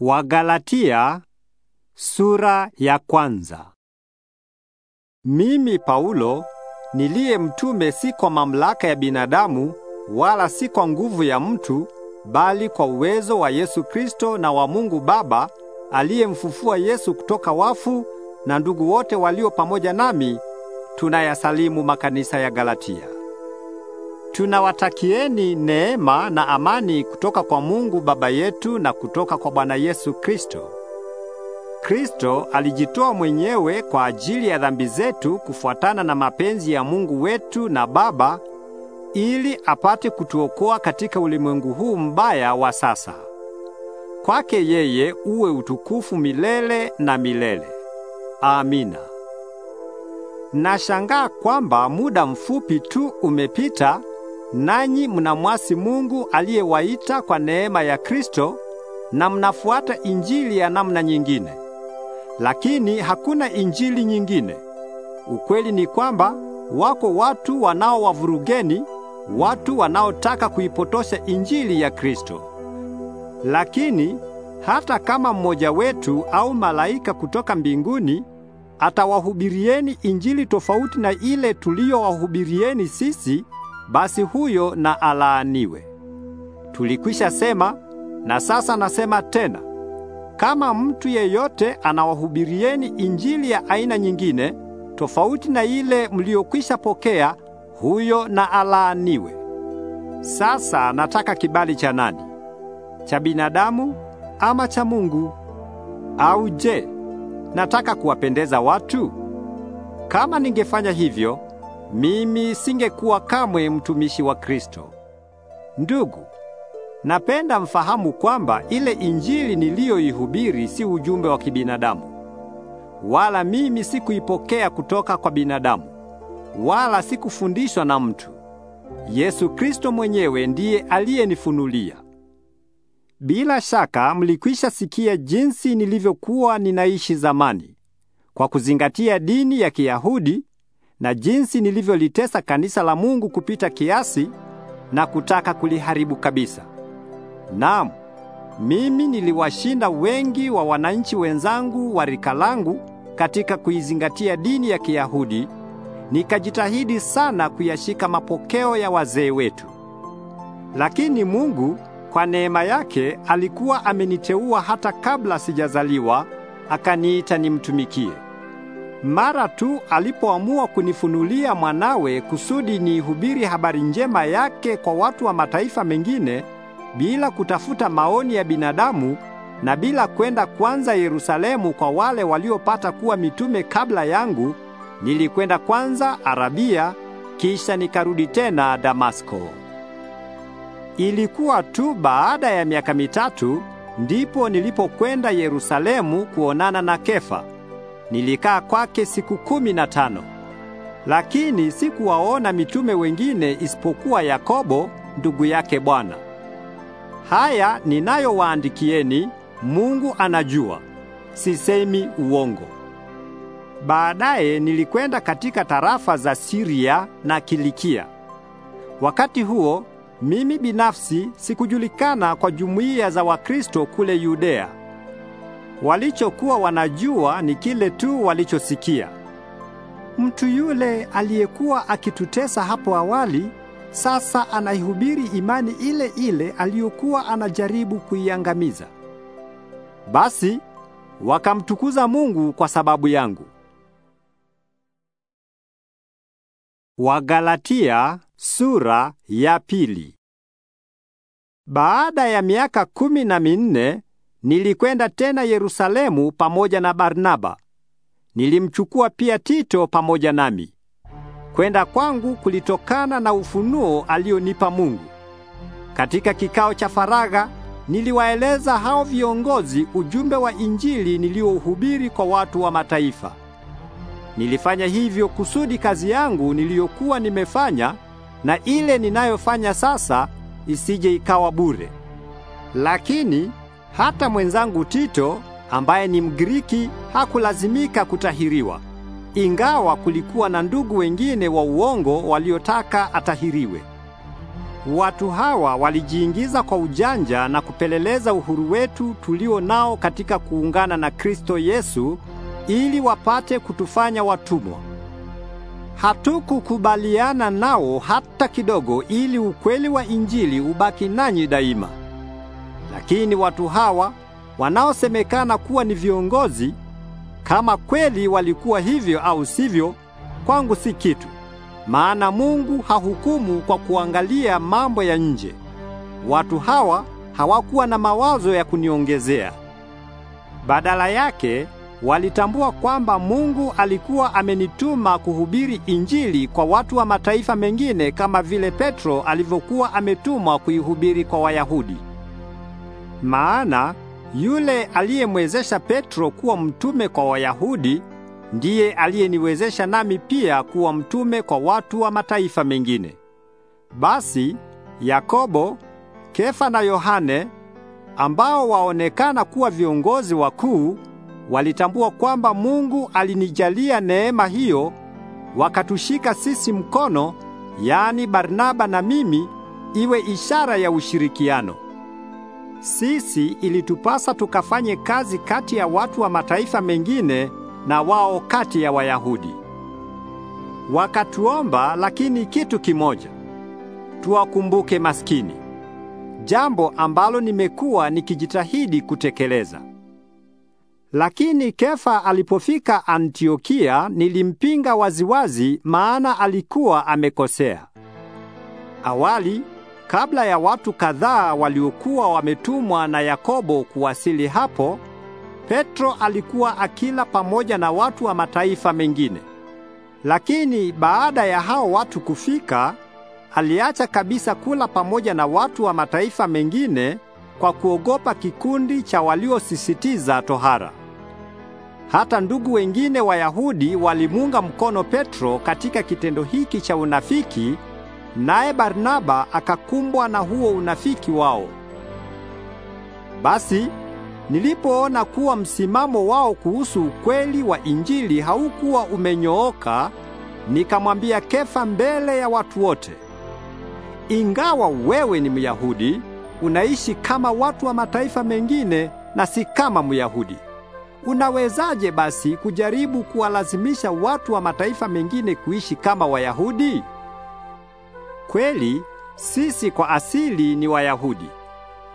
Wagalatia sura ya kwanza. Mimi Paulo niliye mtume si kwa mamlaka ya binadamu wala si kwa nguvu ya mtu bali kwa uwezo wa Yesu Kristo na wa Mungu Baba aliyemfufua Yesu kutoka wafu na ndugu wote walio pamoja nami tunayasalimu makanisa ya Galatia. Tunawatakieni neema na amani kutoka kwa Mungu Baba yetu na kutoka kwa Bwana Yesu Kristo. Kristo alijitoa mwenyewe kwa ajili ya dhambi zetu kufuatana na mapenzi ya Mungu wetu na Baba ili apate kutuokoa katika ulimwengu huu mbaya wa sasa. Kwake yeye uwe utukufu milele na milele. Amina. Nashangaa kwamba muda mfupi tu umepita nanyi mnamwasi Mungu aliyewaita kwa neema ya Kristo na mnafuata injili ya namna nyingine. Lakini hakuna injili nyingine. Ukweli ni kwamba wako watu wanaowavurugeni, watu wanaotaka kuipotosha injili ya Kristo. Lakini hata kama mmoja wetu au malaika kutoka mbinguni atawahubirieni injili tofauti na ile tuliyowahubirieni sisi, basi huyo na alaaniwe. Tulikwisha sema na sasa nasema tena, kama mtu yeyote anawahubirieni injili ya aina nyingine tofauti na ile mliyokwisha pokea, huyo na alaaniwe. Sasa nataka kibali cha nani? Cha binadamu ama cha Mungu? Au je, nataka kuwapendeza watu? Kama ningefanya hivyo mimi singekuwa kamwe mtumishi wa Kristo. Ndugu, napenda mfahamu kwamba ile injili niliyoihubiri si ujumbe wa kibinadamu. Wala mimi sikuipokea kutoka kwa binadamu. Wala sikufundishwa na mtu. Yesu Kristo mwenyewe ndiye aliyenifunulia. Bila shaka mlikwisha sikia jinsi nilivyokuwa ninaishi zamani kwa kuzingatia dini ya Kiyahudi na jinsi nilivyolitesa kanisa la Mungu kupita kiasi na kutaka kuliharibu kabisa. Naam, mimi niliwashinda wengi wa wananchi wenzangu wa rika langu katika kuizingatia dini ya Kiyahudi, nikajitahidi sana kuyashika mapokeo ya wazee wetu. Lakini Mungu kwa neema yake alikuwa ameniteua hata kabla sijazaliwa, akaniita nimtumikie mara tu alipoamua kunifunulia mwanawe kusudi niihubiri habari njema yake kwa watu wa mataifa mengine bila kutafuta maoni ya binadamu na bila kwenda kwanza Yerusalemu kwa wale waliopata kuwa mitume kabla yangu, nilikwenda kwanza Arabia kisha nikarudi tena Damasko. Ilikuwa tu baada ya miaka mitatu ndipo nilipokwenda Yerusalemu kuonana na Kefa Nilikaa kwake siku kumi na tano, lakini sikuwaona mitume wengine isipokuwa Yakobo ndugu yake Bwana. Haya ninayowaandikieni Mungu anajua, sisemi uongo. Baadaye nilikwenda katika tarafa za Siria na Kilikia. Wakati huo mimi binafsi sikujulikana kwa jumuiya za Wakristo kule Yudea. Walichokuwa wanajua ni kile tu walichosikia. Mtu yule aliyekuwa akitutesa hapo awali sasa anaihubiri imani ile ile aliyokuwa anajaribu kuiangamiza. Basi wakamtukuza Mungu kwa sababu yangu. Wagalatia sura ya pili. Baada ya miaka kumi na minne Nilikwenda tena Yerusalemu pamoja na Barnaba. Nilimchukua pia Tito pamoja nami. Kwenda kwangu kulitokana na ufunuo alionipa Mungu. Katika kikao cha faragha niliwaeleza hao viongozi ujumbe wa Injili niliohubiri kwa watu wa mataifa. Nilifanya hivyo kusudi kazi yangu niliyokuwa nimefanya na ile ninayofanya sasa isije ikawa bure. Lakini hata mwenzangu Tito ambaye ni Mgiriki hakulazimika kutahiriwa, ingawa kulikuwa na ndugu wengine wa uongo waliotaka atahiriwe. Watu hawa walijiingiza kwa ujanja na kupeleleza uhuru wetu tulio nao katika kuungana na Kristo Yesu ili wapate kutufanya watumwa. Hatukukubaliana nao hata kidogo ili ukweli wa Injili ubaki nanyi daima. Lakini watu hawa wanaosemekana kuwa ni viongozi, kama kweli walikuwa hivyo au sivyo, kwangu si kitu, maana Mungu hahukumu kwa kuangalia mambo ya nje. Watu hawa hawakuwa na mawazo ya kuniongezea. Badala yake walitambua kwamba Mungu alikuwa amenituma kuhubiri Injili kwa watu wa mataifa mengine kama vile Petro alivyokuwa ametumwa kuihubiri kwa Wayahudi. Maana yule aliyemwezesha Petro kuwa mtume kwa Wayahudi ndiye aliyeniwezesha nami pia kuwa mtume kwa watu wa mataifa mengine. Basi Yakobo, Kefa na Yohane ambao waonekana kuwa viongozi wakuu walitambua kwamba Mungu alinijalia neema hiyo, wakatushika sisi mkono, yaani Barnaba na mimi, iwe ishara ya ushirikiano. Sisi ilitupasa tukafanye kazi kati ya watu wa mataifa mengine na wao kati ya Wayahudi. Wakatuomba lakini kitu kimoja. Tuwakumbuke maskini. Jambo ambalo nimekuwa nikijitahidi kutekeleza. Lakini Kefa alipofika Antiokia nilimpinga waziwazi maana alikuwa amekosea. Awali Kabla ya watu kadhaa waliokuwa wametumwa na Yakobo kuwasili hapo, Petro alikuwa akila pamoja na watu wa mataifa mengine. Lakini baada ya hao watu kufika, aliacha kabisa kula pamoja na watu wa mataifa mengine kwa kuogopa kikundi cha waliosisitiza tohara. Hata ndugu wengine Wayahudi walimunga mkono Petro katika kitendo hiki cha unafiki naye Barnaba akakumbwa na huo unafiki wao. Basi nilipoona kuwa msimamo wao kuhusu ukweli wa Injili haukuwa umenyooka, nikamwambia Kefa mbele ya watu wote, ingawa wewe ni Myahudi, unaishi kama watu wa mataifa mengine na si kama Myahudi. Unawezaje basi kujaribu kuwalazimisha watu wa mataifa mengine kuishi kama Wayahudi? Kweli sisi kwa asili ni Wayahudi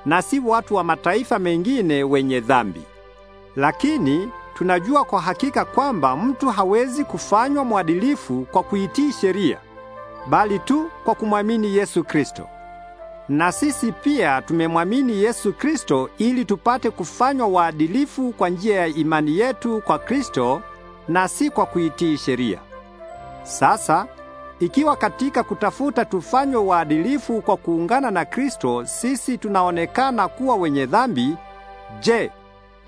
na si watu wa mataifa mengine wenye dhambi. Lakini tunajua kwa hakika kwamba mtu hawezi kufanywa mwadilifu kwa kuitii sheria, bali tu kwa kumwamini Yesu Kristo. Na sisi pia tumemwamini Yesu Kristo ili tupate kufanywa waadilifu kwa njia ya imani yetu kwa Kristo na si kwa kuitii sheria. Sasa ikiwa katika kutafuta tufanywe waadilifu kwa kuungana na Kristo, sisi tunaonekana kuwa wenye dhambi, je,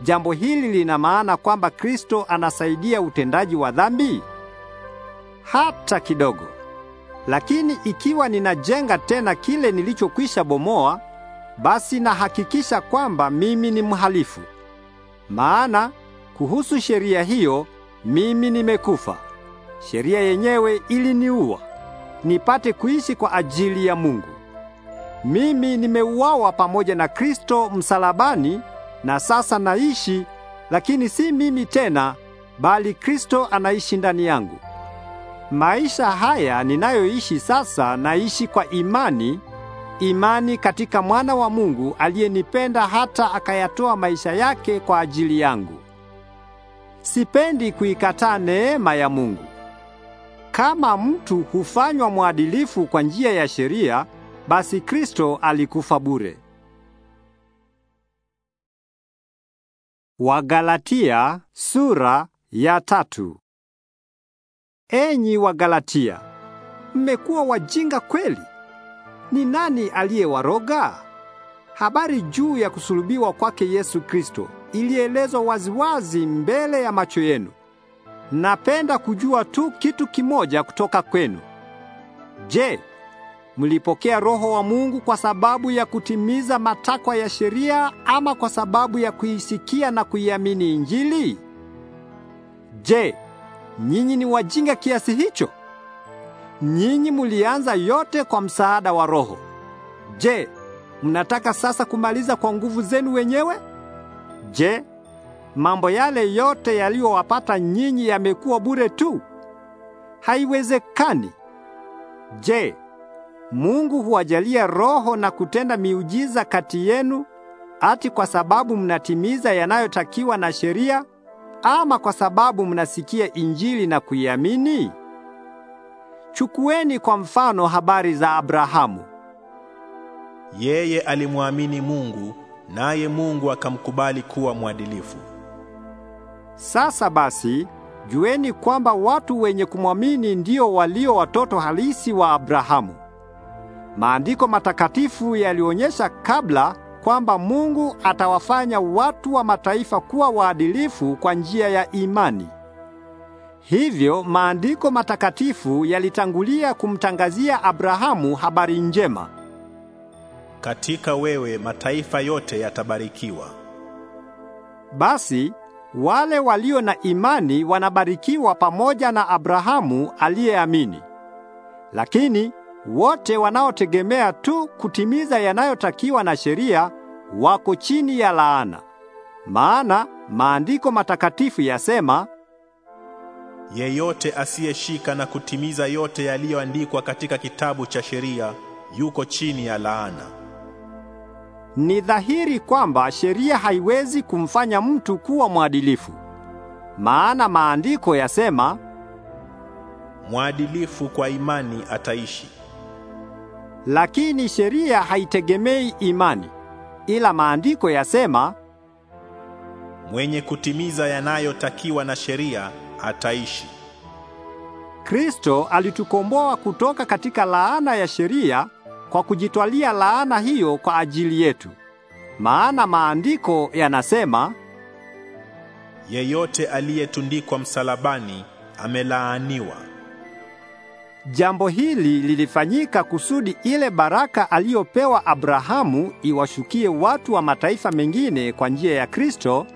jambo hili lina maana kwamba Kristo anasaidia utendaji wa dhambi? Hata kidogo. Lakini ikiwa ninajenga tena kile nilichokwisha bomoa, basi nahakikisha kwamba mimi ni mhalifu. Maana kuhusu sheria hiyo mimi nimekufa. Sheria yenyewe iliniua nipate kuishi kwa ajili ya Mungu. Mimi nimeuawa pamoja na Kristo msalabani, na sasa naishi, lakini si mimi tena, bali Kristo anaishi ndani yangu. Maisha haya ninayoishi sasa naishi kwa imani, imani katika mwana wa Mungu aliyenipenda hata akayatoa maisha yake kwa ajili yangu. Sipendi kuikataa neema ya Mungu. Kama mtu hufanywa mwadilifu kwa njia ya sheria, basi Kristo alikufa bure. Wagalatia sura ya tatu. Enyi Wagalatia, mmekuwa wajinga kweli! Ni nani aliyewaroga? Habari juu ya kusulubiwa kwake Yesu Kristo ilielezwa waziwazi mbele ya macho yenu. Napenda kujua tu kitu kimoja kutoka kwenu. Je, mlipokea Roho wa Mungu kwa sababu ya kutimiza matakwa ya sheria ama kwa sababu ya kuisikia na kuiamini Injili? Je, nyinyi ni wajinga kiasi hicho? Nyinyi mulianza yote kwa msaada wa Roho. Je, mnataka sasa kumaliza kwa nguvu zenu wenyewe? Je, mambo yale yote yaliyowapata nyinyi yamekuwa bure tu? Haiwezekani. Je, Mungu huwajalia roho na kutenda miujiza kati yenu ati kwa sababu mnatimiza yanayotakiwa na sheria ama kwa sababu mnasikia Injili na kuiamini? Chukueni kwa mfano habari za Abrahamu. Yeye alimwamini Mungu, naye Mungu akamkubali kuwa mwadilifu. Sasa basi, jueni kwamba watu wenye kumwamini ndio walio watoto halisi wa Abrahamu. Maandiko matakatifu yalionyesha kabla kwamba Mungu atawafanya watu wa mataifa kuwa waadilifu kwa njia ya imani. Hivyo maandiko matakatifu yalitangulia kumtangazia Abrahamu habari njema. Katika wewe mataifa yote yatabarikiwa. Basi wale walio na imani wanabarikiwa pamoja na Abrahamu aliyeamini. Lakini wote wanaotegemea tu kutimiza yanayotakiwa na sheria wako chini ya laana. Maana maandiko matakatifu yasema, yeyote asiyeshika na kutimiza yote yaliyoandikwa katika kitabu cha sheria yuko chini ya laana. Ni dhahiri kwamba sheria haiwezi kumfanya mtu kuwa mwadilifu. Maana maandiko yasema, mwadilifu kwa imani ataishi. Lakini sheria haitegemei imani, ila maandiko yasema, mwenye kutimiza yanayotakiwa na sheria ataishi. Kristo alitukomboa kutoka katika laana ya sheria kwa kujitwalia laana hiyo kwa ajili yetu. Maana maandiko yanasema, yeyote aliyetundikwa msalabani amelaaniwa. Jambo hili lilifanyika kusudi ile baraka aliyopewa Abrahamu iwashukie watu wa mataifa mengine kwa njia ya Kristo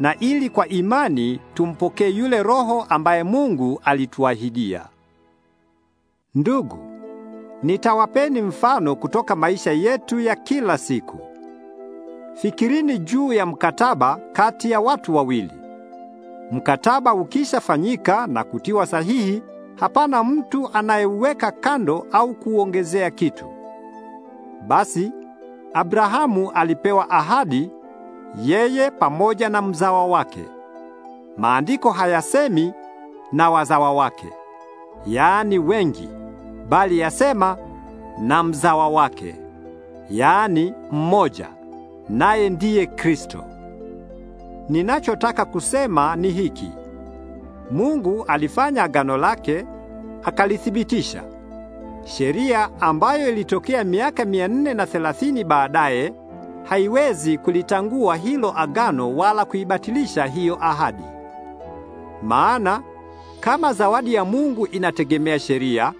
na ili kwa imani tumpokee yule Roho ambaye Mungu alituahidia. Ndugu, Nitawapeni mfano kutoka maisha yetu ya kila siku. Fikirini juu ya mkataba kati ya watu wawili. Mkataba ukishafanyika na kutiwa sahihi, hapana mtu anayeweka kando au kuongezea kitu. Basi Abrahamu alipewa ahadi, yeye pamoja na mzawa wake. Maandiko hayasemi na wazawa wake, yaani wengi, bali yasema na mzawa wake, yaani mmoja, naye ndiye Kristo. Ninachotaka kusema ni hiki: Mungu alifanya agano lake akalithibitisha. Sheria ambayo ilitokea miaka mia nne na thelathini baadaye haiwezi kulitangua hilo agano wala kuibatilisha hiyo ahadi. Maana kama zawadi ya Mungu inategemea sheria,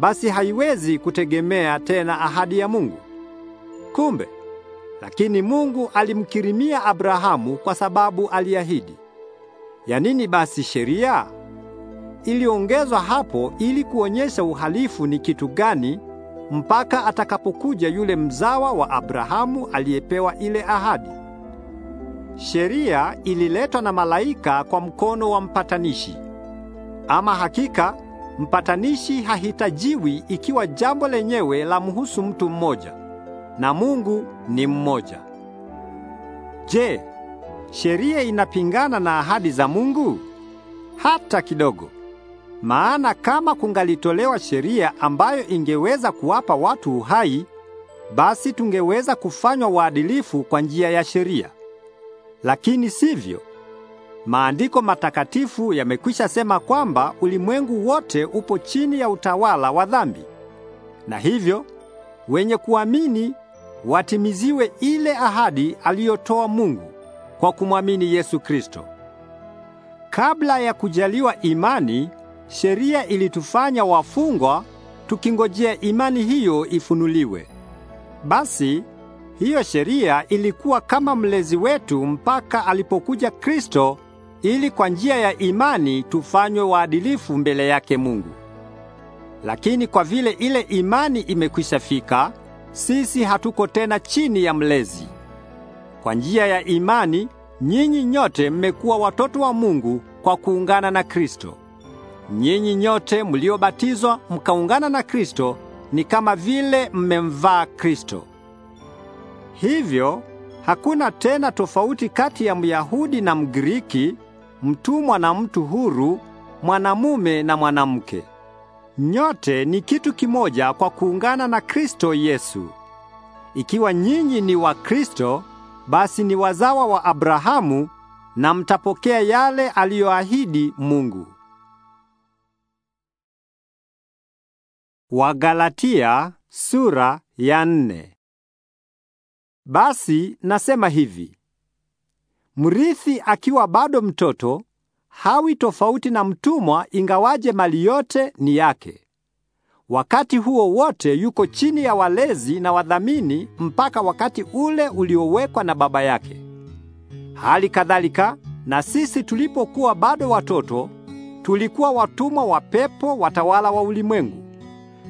basi haiwezi kutegemea tena ahadi ya Mungu. Kumbe, lakini Mungu alimkirimia Abrahamu kwa sababu aliahidi. Ya nini basi sheria? Iliongezwa hapo ili kuonyesha uhalifu ni kitu gani mpaka atakapokuja yule mzawa wa Abrahamu aliyepewa ile ahadi. Sheria ililetwa na malaika kwa mkono wa mpatanishi. Ama hakika Mpatanishi hahitajiwi ikiwa jambo lenyewe la mhusu mtu mmoja, na Mungu ni mmoja. Je, sheria inapingana na ahadi za Mungu? Hata kidogo. Maana kama kungalitolewa sheria ambayo ingeweza kuwapa watu uhai, basi tungeweza kufanywa waadilifu kwa njia ya sheria. Lakini sivyo. Maandiko matakatifu yamekwisha sema kwamba ulimwengu wote upo chini ya utawala wa dhambi. Na hivyo wenye kuamini watimiziwe ile ahadi aliyotoa Mungu kwa kumwamini Yesu Kristo. Kabla ya kujaliwa imani, sheria ilitufanya wafungwa tukingojea imani hiyo ifunuliwe. Basi hiyo sheria ilikuwa kama mlezi wetu mpaka alipokuja Kristo ili kwa njia ya imani tufanywe waadilifu mbele yake Mungu. Lakini kwa vile ile imani imekwisha fika, sisi hatuko tena chini ya mlezi. Kwa njia ya imani nyinyi nyote mmekuwa watoto wa Mungu kwa kuungana na Kristo. Nyinyi nyote mliobatizwa mkaungana na Kristo ni kama vile mmemvaa Kristo. Hivyo hakuna tena tofauti kati ya Myahudi na Mgiriki, mtumwa na mtu huru, mwanamume na mwanamke. Nyote ni kitu kimoja kwa kuungana na Kristo Yesu. Ikiwa nyinyi ni wa Kristo, basi ni wazawa wa Abrahamu na mtapokea yale aliyoahidi Mungu. Wagalatia sura ya nne. Basi nasema hivi, Mrithi akiwa bado mtoto hawi tofauti na mtumwa, ingawaje mali yote ni yake. Wakati huo wote yuko chini ya walezi na wadhamini mpaka wakati ule uliowekwa na baba yake. Hali kadhalika na sisi tulipokuwa bado watoto, tulikuwa watumwa wa pepo watawala wa ulimwengu.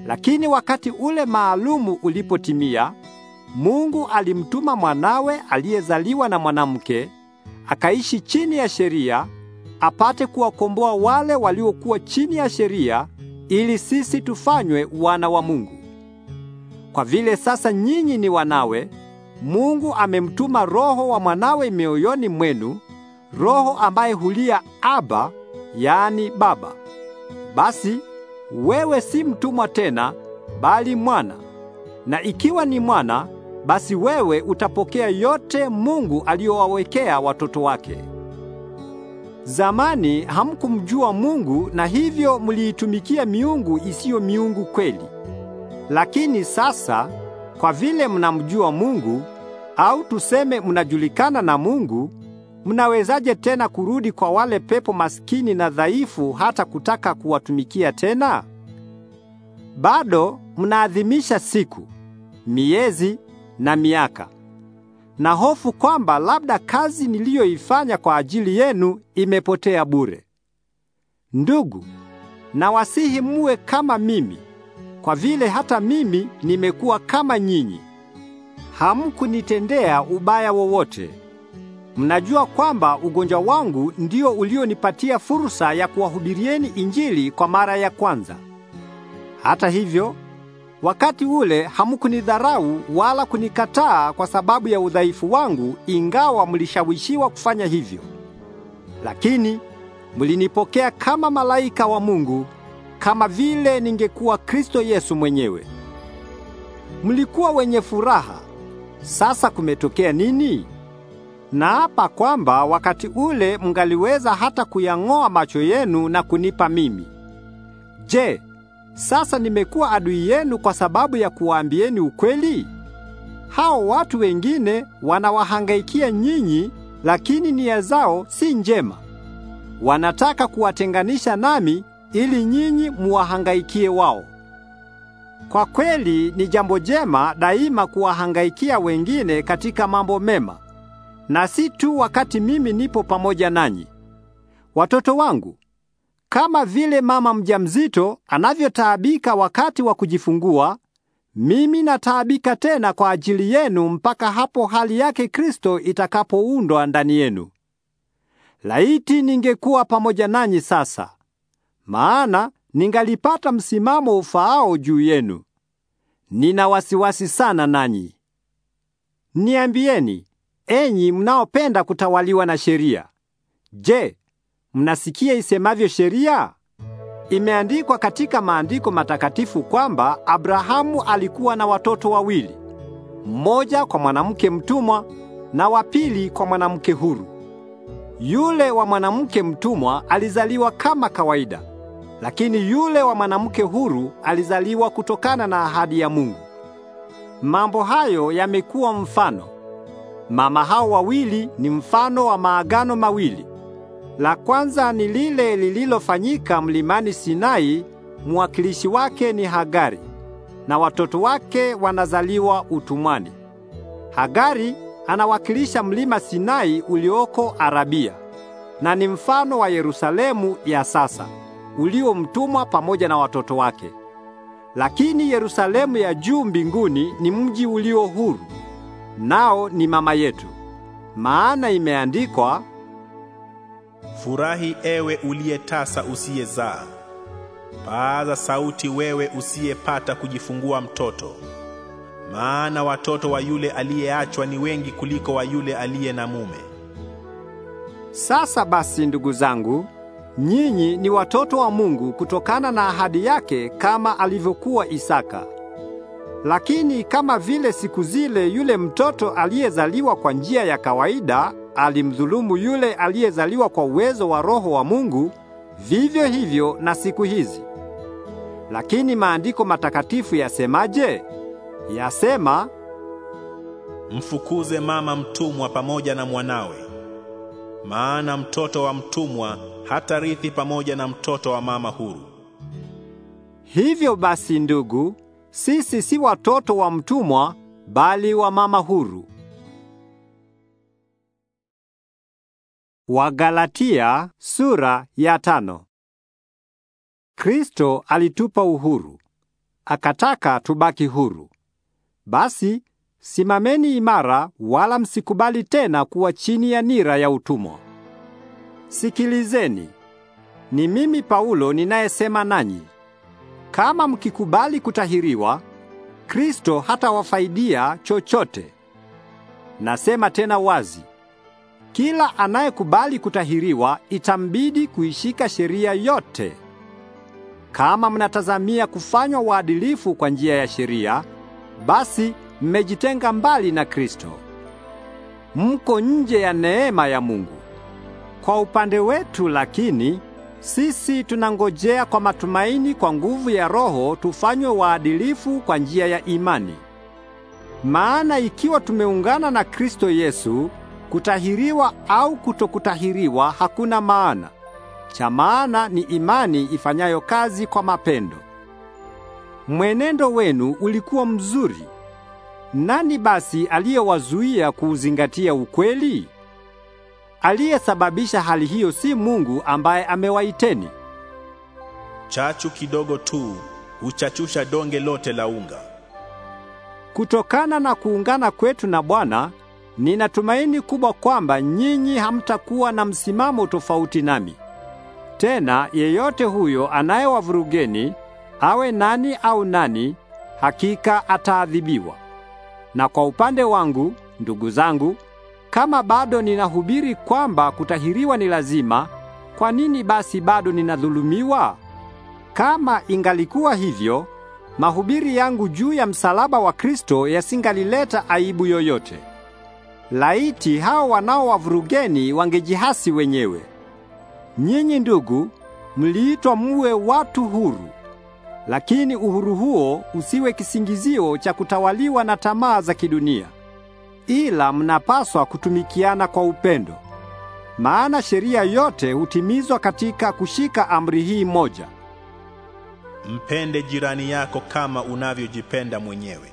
Lakini wakati ule maalumu ulipotimia, Mungu alimtuma mwanawe aliyezaliwa na mwanamke akaishi chini ya sheria, apate kuwakomboa wale waliokuwa chini ya sheria, ili sisi tufanywe wana wa Mungu. Kwa vile sasa nyinyi ni wanawe, Mungu amemtuma Roho wa mwanawe mioyoni mwenu, Roho ambaye hulia Aba, yaani Baba. Basi wewe si mtumwa tena, bali mwana, na ikiwa ni mwana basi wewe utapokea yote Mungu aliyowawekea watoto wake. Zamani hamkumjua Mungu na hivyo mliitumikia miungu isiyo miungu kweli. Lakini sasa kwa vile mnamjua Mungu au tuseme mnajulikana na Mungu, mnawezaje tena kurudi kwa wale pepo maskini na dhaifu hata kutaka kuwatumikia tena? Bado mnaadhimisha siku, miezi na miaka, na hofu kwamba labda kazi niliyoifanya kwa ajili yenu imepotea bure. Ndugu, nawasihi muwe kama mimi, kwa vile hata mimi nimekuwa kama nyinyi. Hamkunitendea ubaya wowote. Mnajua kwamba ugonjwa wangu ndio ulionipatia fursa ya kuwahubirieni Injili kwa mara ya kwanza. Hata hivyo, Wakati ule hamukunidharau wala kunikataa kwa sababu ya udhaifu wangu, ingawa mlishawishiwa kufanya hivyo. Lakini mlinipokea kama malaika wa Mungu, kama vile ningekuwa Kristo Yesu mwenyewe. Mlikuwa wenye furaha. Sasa kumetokea nini? Naapa kwamba wakati ule mngaliweza hata kuyang'oa macho yenu na kunipa mimi. Je, sasa nimekuwa adui yenu kwa sababu ya kuwaambieni ukweli? Hao watu wengine wanawahangaikia nyinyi, lakini nia zao si njema. Wanataka kuwatenganisha nami ili nyinyi muwahangaikie wao. Kwa kweli ni jambo jema daima kuwahangaikia wengine katika mambo mema, na si tu wakati mimi nipo pamoja nanyi. Watoto wangu, kama vile mama mjamzito anavyotaabika wakati wa kujifungua, mimi nataabika tena kwa ajili yenu mpaka hapo hali yake Kristo itakapoundwa ndani yenu. Laiti ningekuwa pamoja nanyi sasa, maana ningalipata msimamo ufaao juu yenu. Nina wasiwasi sana nanyi. Niambieni, enyi mnaopenda kutawaliwa na sheria, je, Mnasikia isemavyo sheria? Imeandikwa katika maandiko matakatifu kwamba Abrahamu alikuwa na watoto wawili, mmoja kwa mwanamke mtumwa na wa pili kwa mwanamke huru. Yule wa mwanamke mtumwa alizaliwa kama kawaida, lakini yule wa mwanamke huru alizaliwa kutokana na ahadi ya Mungu. Mambo hayo yamekuwa mfano. Mama hao wawili ni mfano wa maagano mawili. La kwanza ni lile lililofanyika mlimani Sinai, mwakilishi wake ni Hagari na watoto wake wanazaliwa utumwani. Hagari anawakilisha mlima Sinai ulioko Arabia na ni mfano wa Yerusalemu ya sasa uliomtumwa pamoja na watoto wake. Lakini Yerusalemu ya juu mbinguni ni mji ulio huru, nao ni mama yetu. Maana imeandikwa, Furahi ewe uliyetasa usiyezaa, paaza sauti wewe usiyepata kujifungua mtoto, maana watoto wa yule aliyeachwa ni wengi kuliko wa yule aliye na mume. Sasa basi, ndugu zangu, nyinyi ni watoto wa Mungu kutokana na ahadi yake, kama alivyokuwa Isaka. Lakini kama vile siku zile yule mtoto aliyezaliwa kwa njia ya kawaida alimdhulumu yule aliyezaliwa kwa uwezo wa Roho wa Mungu, vivyo hivyo na siku hizi. Lakini maandiko matakatifu yasemaje? Yasema, mfukuze mama mtumwa pamoja na mwanawe, maana mtoto wa mtumwa hatarithi pamoja na mtoto wa mama huru. Hivyo basi, ndugu, sisi si watoto wa mtumwa, bali wa mama huru. Wagalatia sura ya tano. Kristo alitupa uhuru, akataka tubaki huru. Basi simameni imara, wala msikubali tena kuwa chini ya nira ya utumwa. Sikilizeni, ni mimi Paulo ninayesema nanyi. Kama mkikubali kutahiriwa, Kristo hatawafaidia chochote. Nasema tena wazi, kila anayekubali kutahiriwa itambidi kuishika sheria yote. Kama mnatazamia kufanywa waadilifu kwa njia ya sheria, basi mmejitenga mbali na Kristo. Mko nje ya neema ya Mungu. Kwa upande wetu lakini, sisi tunangojea kwa matumaini kwa nguvu ya Roho tufanywe waadilifu kwa njia ya imani. Maana ikiwa tumeungana na Kristo Yesu, Kutahiriwa au kutokutahiriwa hakuna maana. Cha maana ni imani ifanyayo kazi kwa mapendo. Mwenendo wenu ulikuwa mzuri. Nani basi aliyewazuia kuuzingatia ukweli? Aliyesababisha hali hiyo si Mungu ambaye amewaiteni. Chachu kidogo tu huchachusha donge lote la unga. Kutokana na kuungana kwetu na Bwana Ninatumaini kubwa kwamba nyinyi hamtakuwa na msimamo tofauti nami. Tena yeyote huyo anayewavurugeni awe nani au nani, hakika ataadhibiwa. Na kwa upande wangu, ndugu zangu, kama bado ninahubiri kwamba kutahiriwa ni lazima, kwa nini basi bado ninadhulumiwa? Kama ingalikuwa hivyo, mahubiri yangu juu ya msalaba wa Kristo yasingalileta aibu yoyote. Laiti hao wanaowavurugeni wangejihasi wenyewe. Nyinyi ndugu, mliitwa muwe watu huru, lakini uhuru huo usiwe kisingizio cha kutawaliwa na tamaa za kidunia, ila mnapaswa kutumikiana kwa upendo. Maana sheria yote hutimizwa katika kushika amri hii moja: mpende jirani yako kama unavyojipenda mwenyewe.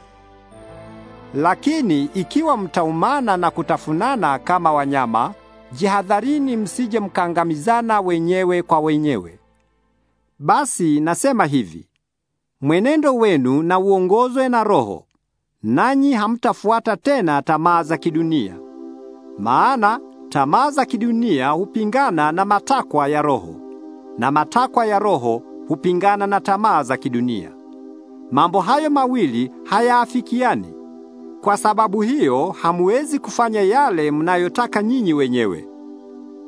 Lakini ikiwa mtaumana na kutafunana kama wanyama, jihadharini msije mkangamizana wenyewe kwa wenyewe. Basi nasema hivi: mwenendo wenu na uongozwe na Roho, nanyi hamtafuata tena tamaa za kidunia. Maana tamaa za kidunia hupingana na matakwa ya Roho, na matakwa ya Roho hupingana na tamaa za kidunia. Mambo hayo mawili hayaafikiani. Kwa sababu hiyo hamwezi kufanya yale mnayotaka nyinyi wenyewe.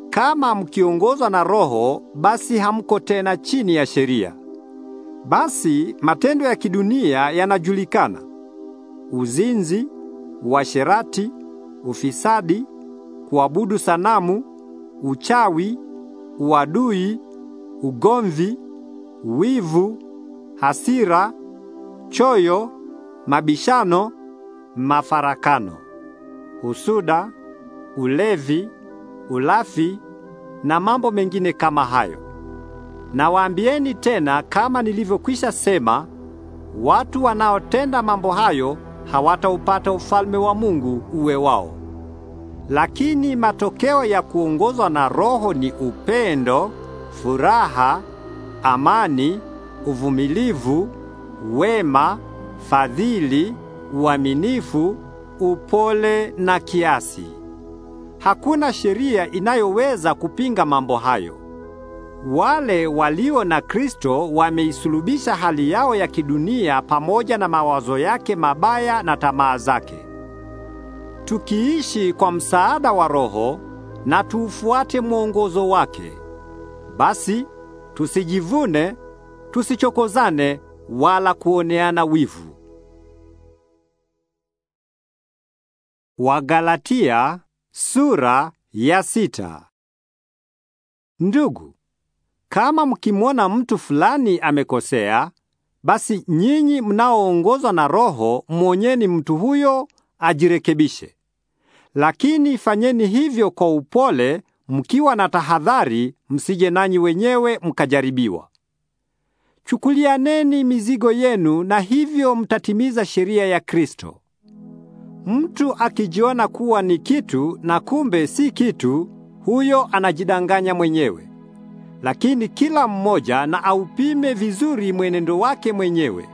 Kama mkiongozwa na Roho, basi hamko tena chini ya sheria. Basi matendo ya kidunia yanajulikana: uzinzi, uasherati, ufisadi, kuabudu sanamu, uchawi, uadui, ugomvi, wivu, hasira, choyo, mabishano mafarakano, husuda, ulevi, ulafi na mambo mengine kama hayo. Nawaambieni tena kama nilivyokwisha sema, watu wanaotenda mambo hayo hawataupata ufalme wa Mungu uwe wao. Lakini matokeo ya kuongozwa na Roho ni upendo, furaha, amani, uvumilivu, wema, fadhili, uaminifu, upole na kiasi. Hakuna sheria inayoweza kupinga mambo hayo. Wale walio na Kristo wameisulubisha hali yao ya kidunia pamoja na mawazo yake mabaya na tamaa zake. Tukiishi kwa msaada wa Roho na tuufuate mwongozo wake. Basi tusijivune, tusichokozane wala kuoneana wivu. Wagalatia sura ya sita. Ndugu, kama mkimwona mtu fulani amekosea, basi nyinyi mnaoongozwa na Roho mwonyeni mtu huyo ajirekebishe. Lakini fanyeni hivyo kwa upole, mkiwa na tahadhari, msije nanyi wenyewe mkajaribiwa. Chukulianeni mizigo yenu, na hivyo mtatimiza sheria ya Kristo. Mtu akijiona kuwa ni kitu na kumbe si kitu, huyo anajidanganya mwenyewe. Lakini kila mmoja na aupime vizuri mwenendo wake mwenyewe.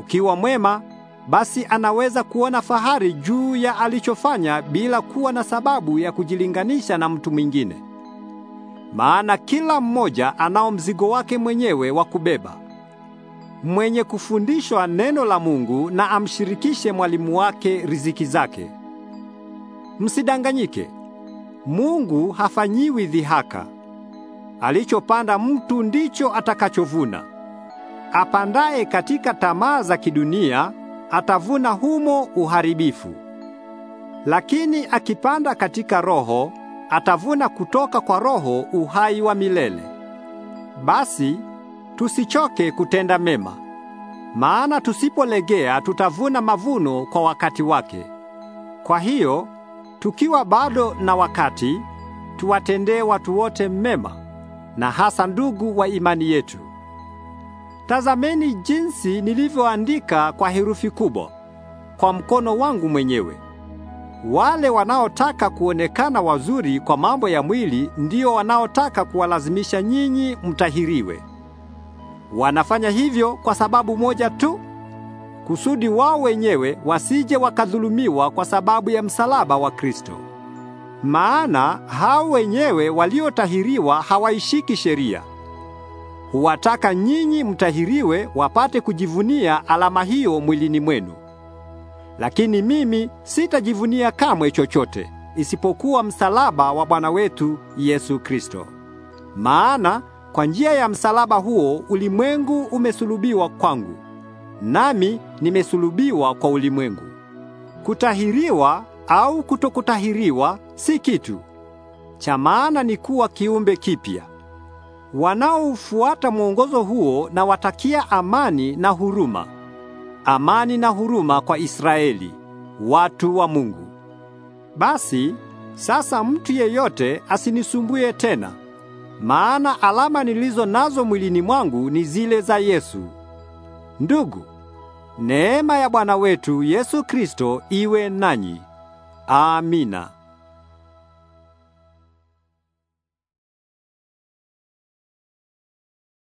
Ukiwa mwema, basi anaweza kuona fahari juu ya alichofanya bila kuwa na sababu ya kujilinganisha na mtu mwingine. Maana kila mmoja anao mzigo wake mwenyewe wa kubeba mwenye kufundishwa neno la Mungu na amshirikishe mwalimu wake riziki zake. Msidanganyike. Mungu hafanyiwi dhihaka. Alichopanda mtu ndicho atakachovuna. Apandaye katika tamaa za kidunia atavuna humo uharibifu. Lakini akipanda katika roho atavuna kutoka kwa roho uhai wa milele. Basi tusichoke kutenda mema, maana tusipolegea tutavuna mavuno kwa wakati wake. Kwa hiyo tukiwa bado na wakati, tuwatendee watu wote mema, na hasa ndugu wa imani yetu. Tazameni jinsi nilivyoandika kwa herufi kubwa kwa mkono wangu mwenyewe. Wale wanaotaka kuonekana wazuri kwa mambo ya mwili ndio wanaotaka kuwalazimisha nyinyi mtahiriwe. Wanafanya hivyo kwa sababu moja tu, kusudi wao wenyewe wasije wakadhulumiwa kwa sababu ya msalaba wa Kristo. Maana hao wenyewe waliotahiriwa hawaishiki sheria. Huwataka nyinyi mtahiriwe wapate kujivunia alama hiyo mwilini mwenu. Lakini mimi sitajivunia kamwe chochote isipokuwa msalaba wa Bwana wetu Yesu Kristo. Maana kwa njia ya msalaba huo ulimwengu umesulubiwa kwangu, nami nimesulubiwa kwa ulimwengu. Kutahiriwa au kutokutahiriwa si kitu cha maana, ni kuwa kiumbe kipya. Wanaofuata mwongozo huo na watakia amani na huruma, amani na huruma kwa Israeli, watu wa Mungu. Basi sasa, mtu yeyote asinisumbue tena maana alama nilizo nazo mwilini mwangu ni zile za Yesu. Ndugu, neema ya Bwana wetu Yesu Kristo iwe nanyi. Amina.